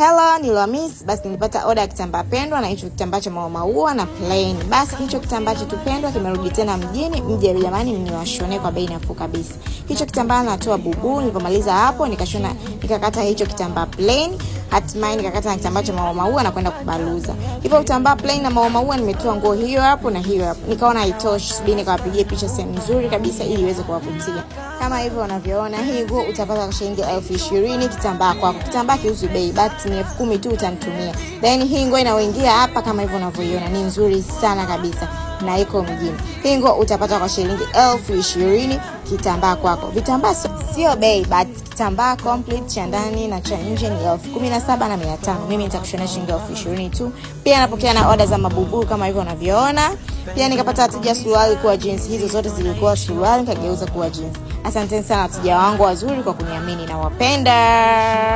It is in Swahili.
Hello, ni Lomis. Basi nilipata oda ya kitambaa pendwa na hicho kitambaa cha maua maua na plain. Basi hicho kitambaa cha tupendwa kimerudi tena mjini. Mje jamani, mniwashone kwa bei nafuu kabisa. Hicho kitambaa natoa bubu. Nilipomaliza hapo nikashona nikakata hicho kitambaa plain. Hatimaye nikakata na kitambaa cha maua maua na kwenda kubaluza. Hivyo kitambaa plain na maua maua nimetoa nguo hiyo hapo na hiyo hapo. Nikaona haitoshi, bidi nikawapigia picha sehemu nzuri kabisa ili iweze kuwavutia kama hivyo unavyoona hivyo utapata kwa shilingi elfu ishirini kitambaa kwako kitambaa kiuzi bei but ni elfu kumi tu utamtumia then hii nguo inaoingia hapa kama hivyo unavyoiona ni nzuri sana kabisa na iko mjini hii nguo utapata kwa shilingi elfu ishirini kitambaa kwako vitambaa so, sio bei but kitambaa complete cha ndani na cha nje ni elfu kumi na saba na mia tano mimi nitakushonea shilingi elfu ishirini tu pia napokea na oda za mabubuu kama hivyo unavyoona pia nikapata wateja suruali kuwa jeans, hizo zote zilikuwa suruali nikageuza kuwa jeans. Asanteni sana wateja wangu wazuri kwa kuniamini, nawapenda.